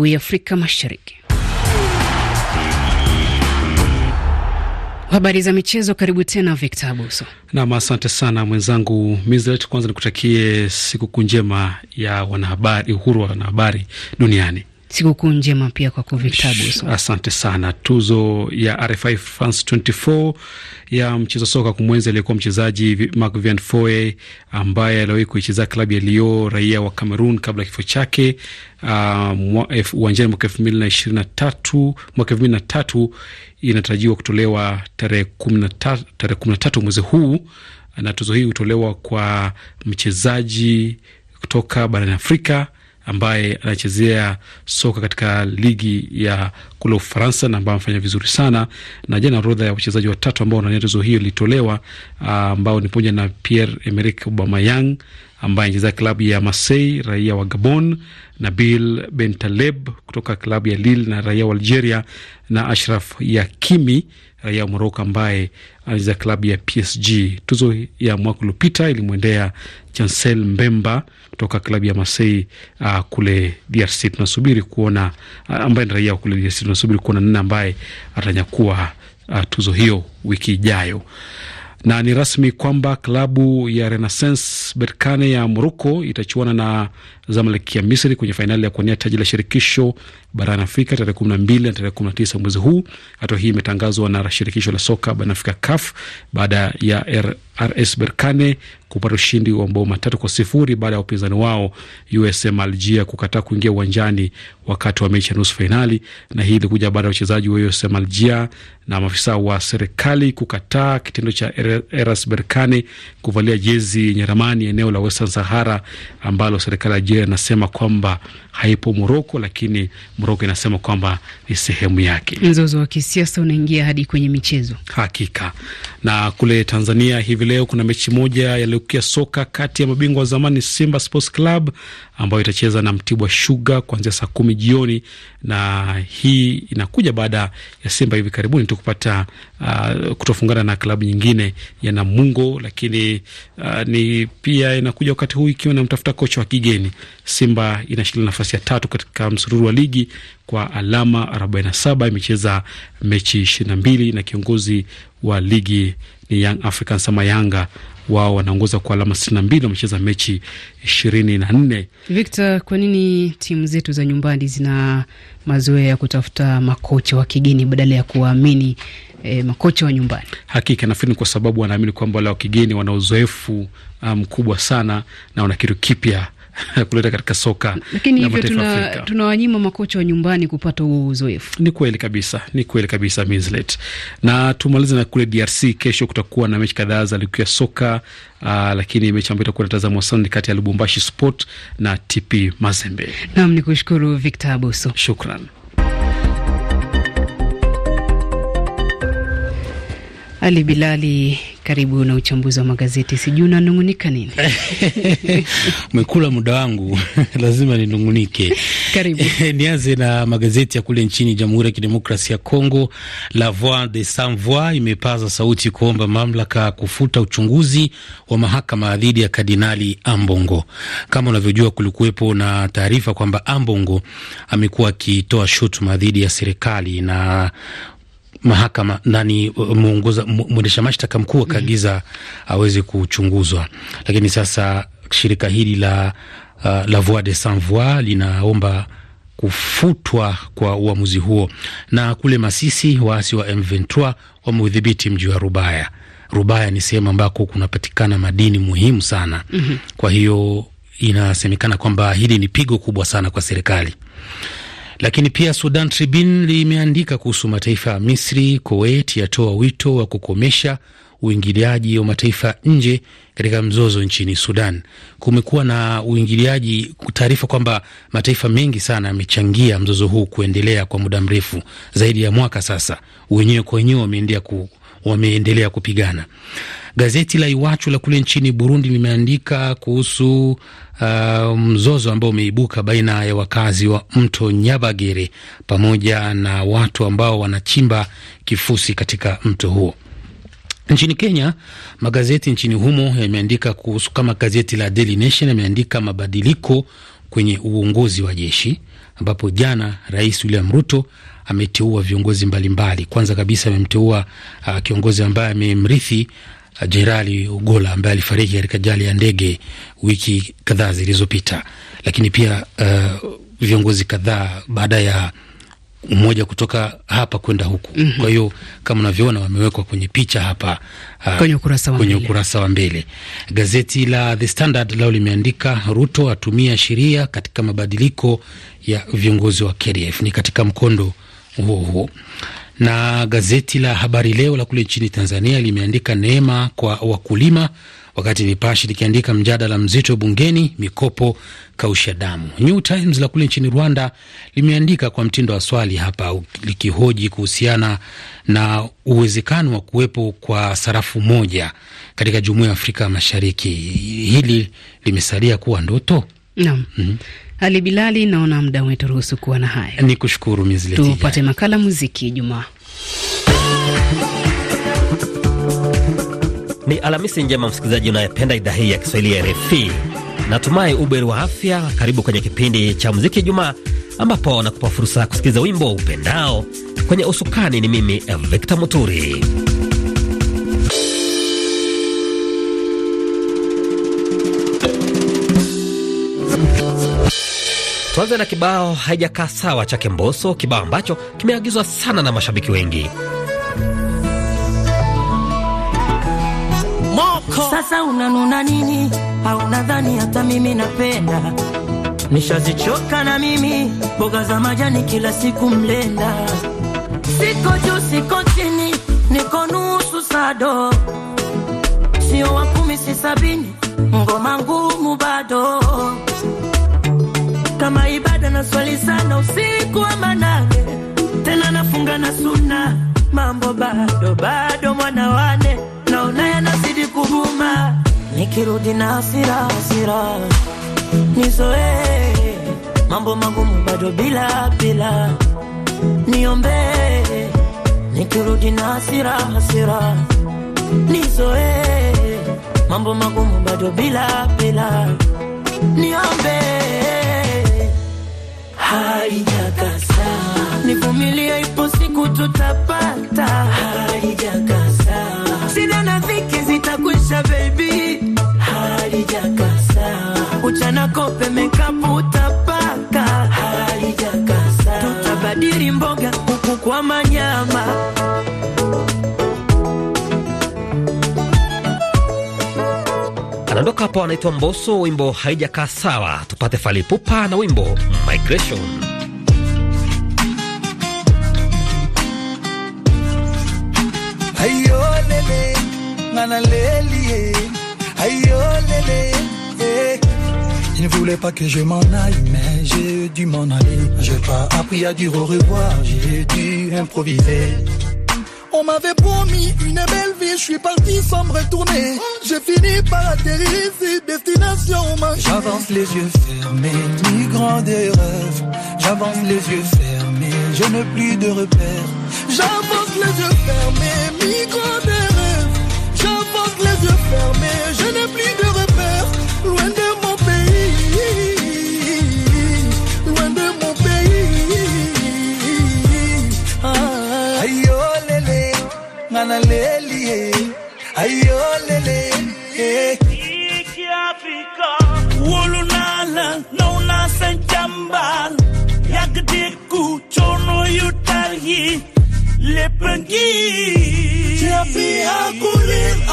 ya Afrika Mashariki. Habari za michezo, karibu tena Victor Abuso. Nam, asante sana mwenzangu Mizlet. Kwanza nikutakie sikukuu njema ya wanahabari, uhuru wa wanahabari duniani. Sikukuu njema pia kwako Victor Buso. Asante sana. Tuzo ya RFI France 24 ya mchezo soka kumwenzi aliyekuwa mchezaji Marc Vian Foe ambaye aliwahi kuichezea klabu ya Lyon, raia wa Cameroon kabla ya kifo chake ah, uwanjani mwaka elfu mbili na ishirini na tatu mwaka elfu mbili na tatu inatarajiwa kutolewa tarehe kumi na tatu mwezi huu, na tuzo hii hutolewa kwa mchezaji kutoka barani Afrika ambaye anachezea soka katika ligi ya kule Ufaransa na ambayo amefanya vizuri sana, na jana orodha ya wachezaji watatu ambao wanania tuzo hiyo ilitolewa, ah, ambao ni pamoja na Pierre Emerick Aubameyang ambaye anachezea klabu ya Marseille, raia wa Gabon, Nabil Bentaleb kutoka klabu ya Lille na raia wa Algeria, na Ashraf Yakimi raia wa Moroko ambaye anacheza klabu ya PSG. Tuzo ya mwaka uliopita ilimwendea Chancel Mbemba kutoka klabu ya Masei uh, kule DRC. Tunasubiri kuona uh, ambaye ni raia kule DRC, tunasubiri kuona nini ambaye atanyakua uh, tuzo hiyo wiki ijayo na ni rasmi kwamba klabu ya Renaissance Berkane ya Moroko itachuana na Zamalek ya Misri kwenye fainali ya kuania taji la shirikisho barani Afrika tarehe 12 na tarehe 19 mwezi huu. Hatua hii imetangazwa na shirikisho la soka barani Afrika, CAF, baada ya RS Berkane kupata ushindi wa mabao matatu kwa sifuri baada ya upinzani wao USM Algeria kukataa kuingia uwanjani wakati wa mechi ya nusu fainali, na hii ilikuja baada ya wachezaji wa USM Algeria na maafisa wa serikali kukataa kitendo cha Eras Berkane kuvalia jezi yenye ramani eneo la Western Sahara ambalo serikali ya Algeria inasema kwamba haipo Moroko, lakini Moroko inasema kwamba ni sehemu yake. Mzozo wa kisiasa unaingia hadi kwenye michezo, hakika. Na kule Tanzania hivi leo kuna mechi moja yaliyo kutukia soka kati ya mabingwa wa zamani Simba Sports Club ambayo itacheza na Mtibwa Sugar kuanzia saa kumi jioni, na hii inakuja baada ya Simba hivi karibuni tu kupata uh, kutofungana na klabu nyingine ya Namungo, lakini uh, ni pia inakuja wakati huu ikiwa inamtafuta kocha wa kigeni. Simba inashikilia nafasi ya tatu katika msururu wa ligi kwa alama 47. Imecheza mechi 22 na kiongozi wa ligi ni Young Africans ama Yanga wao wanaongoza kwa alama 62 wamecheza mechi 24. Victor, kwa nini timu zetu za nyumbani zina mazoea ya kutafuta makocha wa kigeni badala ya kuwaamini eh, makocha wa nyumbani. Hakika nafikiri kwa sababu wanaamini kwamba wale wa kigeni wana uzoefu ah, mkubwa um, sana na wana kitu kipya kuleta katika soka lakini hivyo tunawanyima tuna makocha wa nyumbani kupata huo uzoefu. Ni kweli kabisa, ni kweli kabisa Mislet. Na tumalize na kule DRC, kesho kutakuwa na mechi kadhaa za ligi ya soka uh, lakini mechi ambayo itakuwa inatazamwa sana kati ya Lubumbashi Sport na TP Mazembe. Naam, ni kushukuru Victor Abuso, shukran. Ali Bilali karibu na uchambuzi wa magazeti. Sijui unanung'unika nini? Umekula muda wangu lazima ninung'unike. Karibu. Nianze na magazeti ya kule nchini Jamhuri ya Kidemokrasia ya Kongo. La Voix de Sans Voix imepaza sauti kuomba mamlaka kufuta uchunguzi wa mahakama dhidi ya Kardinali Ambongo. Kama unavyojua, kulikuwepo na taarifa kwamba Ambongo amekuwa akitoa shutuma dhidi ya serikali na mahakama nani uh, muongoza mwendesha mashtaka mkuu akaagiza mm aweze kuchunguzwa, lakini sasa shirika hili la uh, la Voix des Sans Voix linaomba kufutwa kwa uamuzi huo. Na kule Masisi, waasi wa M23 wameudhibiti mji wa Rubaya. Rubaya ni sehemu ambako kunapatikana madini muhimu sana mm -hmm. kwa hiyo inasemekana kwamba hili ni pigo kubwa sana kwa serikali. Lakini pia Sudan Tribune limeandika kuhusu mataifa ya Misri, Kuwait yatoa wito wa kukomesha uingiliaji wa mataifa nje katika mzozo nchini Sudan. Kumekuwa na uingiliaji, taarifa kwamba mataifa mengi sana yamechangia mzozo huu kuendelea kwa muda mrefu zaidi ya mwaka sasa, wenyewe kwa wenyewe wameendelea kupigana. Gazeti la Iwachu la kule nchini Burundi limeandika kuhusu uh, mzozo ambao umeibuka baina ya wakazi wa mto Nyabagere pamoja na watu ambao wanachimba kifusi katika mto huo. Nchini Kenya, magazeti nchini humo yameandika kuhusu, kama gazeti la Daily Nation yameandika mabadiliko kwenye uongozi wa jeshi ambapo jana Rais William Ruto ameteua viongozi mbalimbali mbali. Kwanza kabisa amemteua uh, kiongozi ambaye amemrithi Jenerali Ugola ambaye alifariki katika ajali ya ndege wiki kadhaa zilizopita. Lakini pia uh, viongozi kadhaa baada ya mmoja kutoka hapa kwenda huku mm -hmm. Kwa hiyo kama unavyoona wamewekwa kwenye picha hapa uh, kwenye ukurasa wa kwenye ukurasa wa mbele. Gazeti la The Standard lao limeandika Ruto atumia sheria katika mabadiliko ya viongozi wa KDF. Ni katika mkondo huo huo na gazeti la Habari Leo la kule nchini Tanzania limeandika neema kwa wakulima, wakati nipashi likiandika mjadala mzito bungeni, mikopo kausha damu. New Times la kule nchini Rwanda limeandika kwa mtindo wa swali hapa, likihoji kuhusiana na uwezekano wa kuwepo kwa sarafu moja katika Jumuiya ya Afrika Mashariki. Hili limesalia kuwa ndoto? Naam. mm -hmm. Ali Bilali, naona muda wetu ruhusu kuwa na haya, ni kushukuru tupate makala muziki Ijumaa. Ni Alhamisi njema msikilizaji unayependa idhaa hii ya Kiswahili ya RFI. Natumai uberi wa afya. Karibu kwenye kipindi cha muziki ijumaa ambapo nakupa fursa ya kusikiliza wimbo upendao kwenye usukani. Ni mimi Victor Muturi. Tuanze na kibao haijakaa sawa chake mboso kibao ambacho kimeagizwa sana na mashabiki wengi. Moko. Sasa unanuna nini? Hauna dhani hata mimi napenda, nishazichoka na mimi mboga za majani kila siku mlenda, siko juu siko chini, niko nusu sado, sio wa kumi si sabini, ngoma ngumu bado kama ibada na swali sana usiku wa manane, tena nafunga na suna, mambo bado bado, mwana wane naona yanazidi kuhuma, nikirudi na asira hasira nizoee, mambo magumu bado bila bila, niombe nikirudi na asira hasira nizoee, mambo magumu bado bila bila, niombee haijakasa, nivumilie, ipo siku tutapata, haijakasa, shida na dhiki zitakwisha baby, haijakasa, uchana kope mekapu utapaka, haijakasa, tutabadili mboga huku kwa manyama kutoka hapa wanaitwa Mboso, wimbo haijakaa sawa. Tupate Fally Ipupa na wimbo Migration. lele ngana leli ayolele eh. Il ne voulait pas que je m'en aille, mais j'ai dû m'en aller. J'ai pas appris à dire au revoir, j'ai dû improviser. On m'avait promis une belle vie, je suis parti sans me retourner. J'ai fini par atterrir ici, destination ma J'avance les yeux fermés, migrant des rêves. J'avance les yeux fermés, je n'ai plus de repères. J'avance les yeux fermés, migrant des rêves. J'avance les yeux fermés.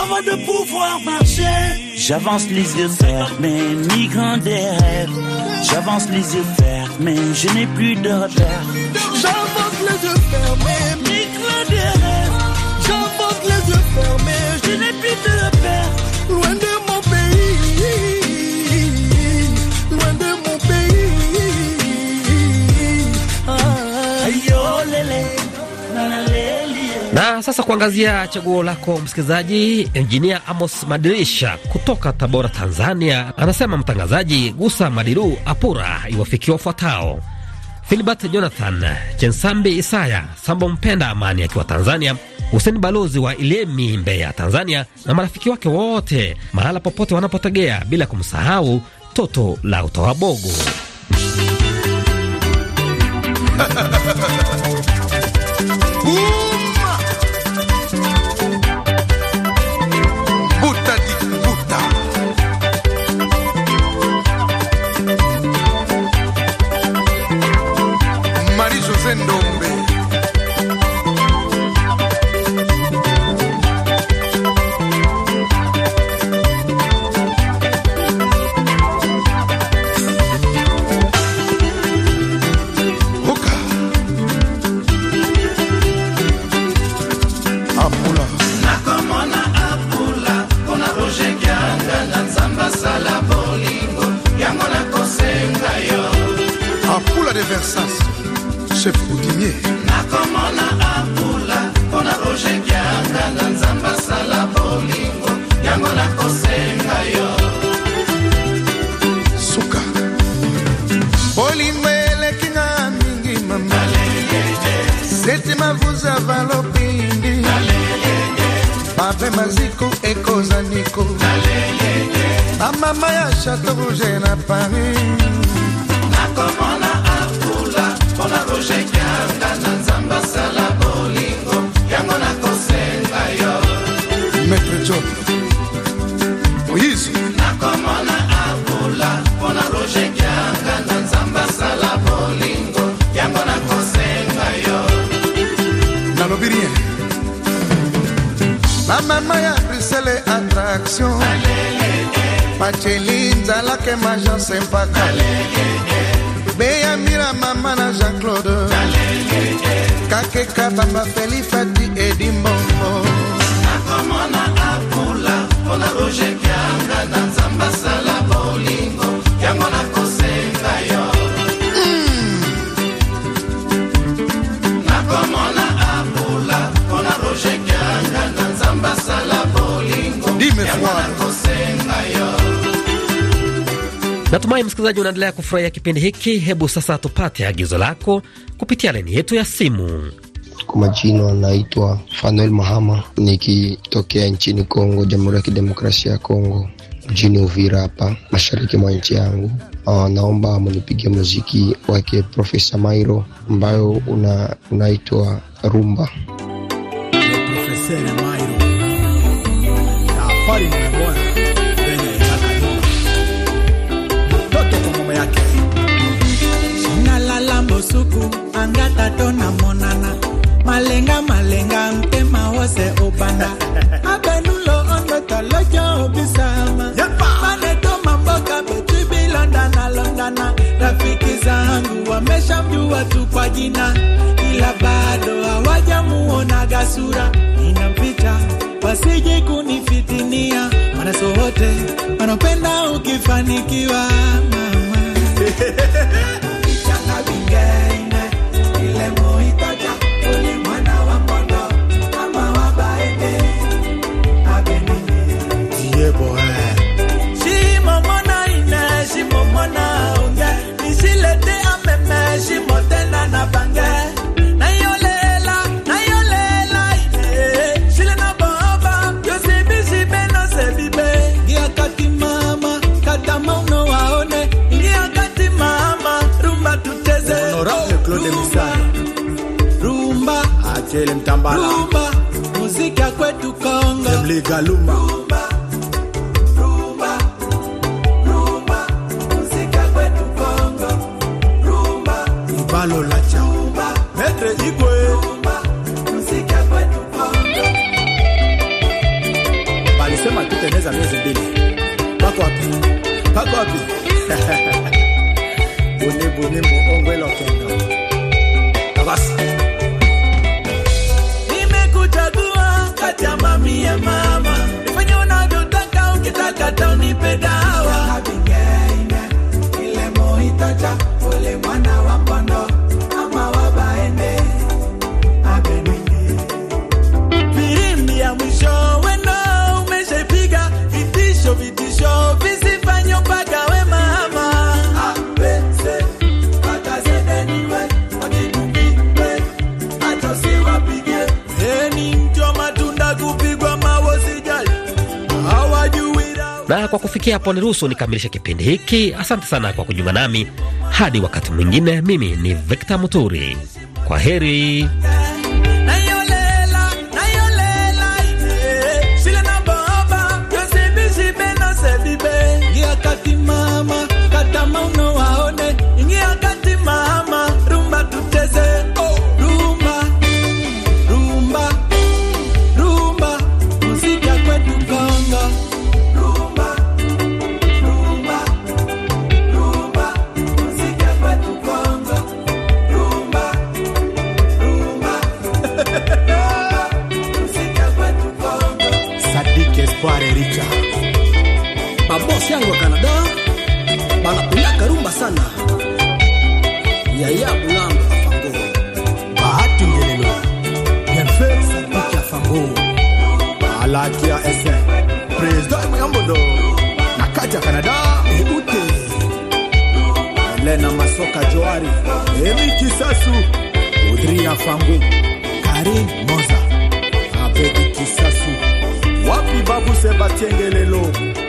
avant de pouvoir marcher j'avance les yeux fermés migrant des rêves j'avance les yeux fermés je n'ai plus de j'avance les yeux fermés sasa kuangazia chaguo lako msikilizaji, Enjinia Amos Madirisha kutoka Tabora, Tanzania, anasema mtangazaji Gusa Madiru Apura iwafikia wafuatao: filibert Jonathan Chensambi, Isaya Sambo, Mpenda Amani akiwa Tanzania, Huseni Balozi wa Ilemi, Mbeya, Tanzania, na marafiki wake wote mahala popote wanapotegea, bila kumsahau toto la utoa bogo. albert sas chef coutumier nakomona akula mpona kojekiaka na nzambe asala bolingo yango nakosenga yo suka bolingo elekinga mingi mama setima vuza valopindi pape maziko ekozaniko bamama ya chateau rouge na paris ndeke ma jean sempaka beyamila mama na jean claude kakeka papa feli fati edi mbongo nakomona apula mpona roger kianga na nzamba sala Natumai msikilizaji unaendelea kufurahia kipindi hiki. Hebu sasa tupate agizo lako kupitia laini yetu ya simu. Kwa majina naitwa Fanuel Mahama, nikitokea nchini Kongo, Jamhuri ya Kidemokrasia ya Kongo, mjini Uvira hapa mashariki mwa nchi yangu. Uh, naomba munipigia muziki wake Profesa Mairo ambayo una, unaitwa rumba Profesa Mairo. yake nalala mbusuku anga tato na monana malenga malenga mtema wose obanda abenulo ondotolojo obisama manetoma mboka betibilondana londana rafiki zangu wameshamjua tu kwa jina ila bado hawajamuonaga sura inamficha wasije kunifitinia wanasowote wanapenda ukifanikiwa mama. Chaka Bingay. Claude Misano. Rumba Achele Mtambala. Rumba muziki kwetu Kongo. Mliga Luma. Rumba. Rumba. Rumba muziki kwetu Kongo. Rumba. basi. Nimekuchagua kati ya mamia mama kufikia hapo, ruhusu nikamilishe kipindi hiki. Asante sana kwa kujiunga nami, hadi wakati mwingine. Mimi ni Victor Muturi, kwa heri. Rafiki yangu wa Canada banapendaka rumba sana yaya bulamba afango bahati ngelelo bienfait sabiki afango balaki ese president Mwambodo na kati ya Canada eute Elena Masoka Joari Eriki Sasu Audrey Afango Karim Moza Abedi Kisasu wapi babu Sebastien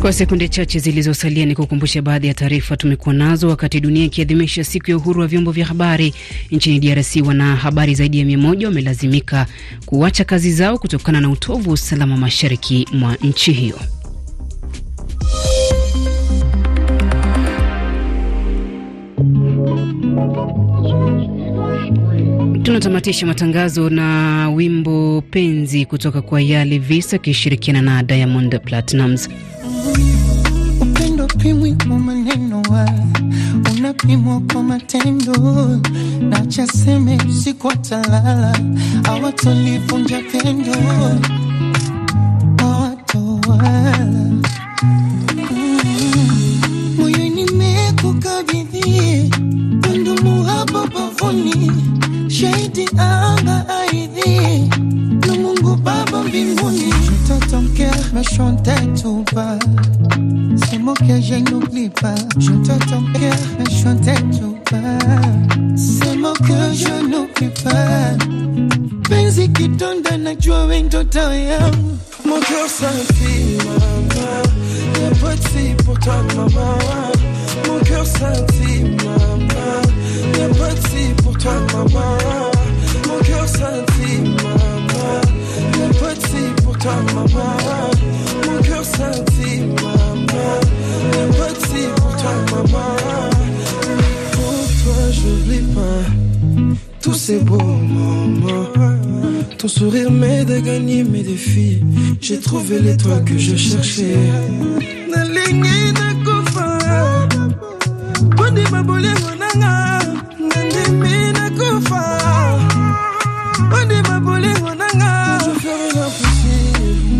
Kwa sekunde chache zilizosalia, ni kukumbusha baadhi ya taarifa tumekuwa nazo. Wakati dunia ikiadhimisha siku ya uhuru wa vyombo vya habari, nchini DRC wana habari zaidi ya mia moja wamelazimika kuacha kazi zao kutokana na utovu wa usalama mashariki mwa nchi hiyo. Tunatamatisha matangazo na wimbo penzi kutoka kwa Yali Visa akishirikiana na Diamond Platnumz. Upendo pimwi mu maneno wa unapimwa kwa matendo, na chaseme siku atalala awatolivunja pendo awatowala moyo mm. Nimekukabidhi undumu hapo bavuni, shahidi anga aridhi me chantais tout bas. Ces mots que je n'oublie pas. Je t'entends que me chantais tout bas. Ces mots que je n'oublie pas. Penzi kitonda najua we ndoto yangu. Mon cœur scintille, maman. Y'a petit pour toi, maman. Mon cœur scintille, maman. Y'a petit pour toi, maman. Mon cœur scintille, maman. Y'a petit pour toi, maman. Sourire mais de gagner mes défis j'ai trouvé l'étoile que je cherchais Na na kofa Quand il va voler Na kofa Quand il va mon angang Je veux faire la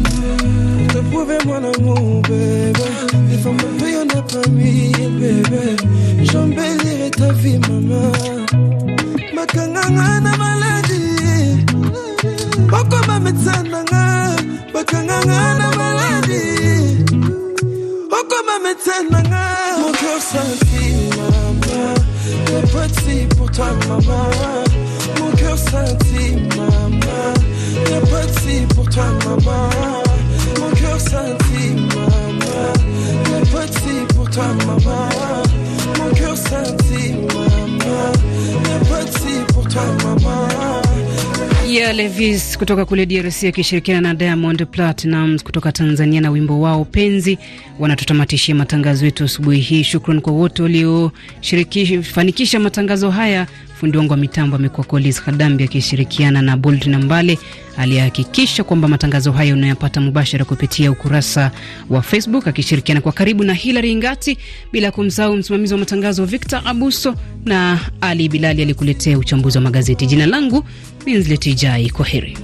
fusée prouver mon amour bébé Et pour me dire ne pas me bébé Je ta vie maman Ma kangang Mon cœur scintille, maman T'es pour toi, maman Mon cœur pour toi, maman Mon cœur petit pour toi, maman Maria Levis kutoka kule DRC akishirikiana na Diamond platnam kutoka Tanzania na wimbo wao Penzi wanatutamatishia matangazo yetu asubuhi hii. Shukran kwa wote waliofanikisha matangazo haya. Fundi wangu wa mitambo amekuwa Kolis hadambi akishirikiana na Bold Mbale aliyehakikisha kwamba matangazo hayo unayapata mubashara kupitia ukurasa wa Facebook akishirikiana kwa karibu na Hilary Ngati, bila kumsahau msimamizi wa matangazo Victor Abuso na Ali Bilali alikuletea uchambuzi wa magazeti. Jina langu Minzleti Jai, kwa heri.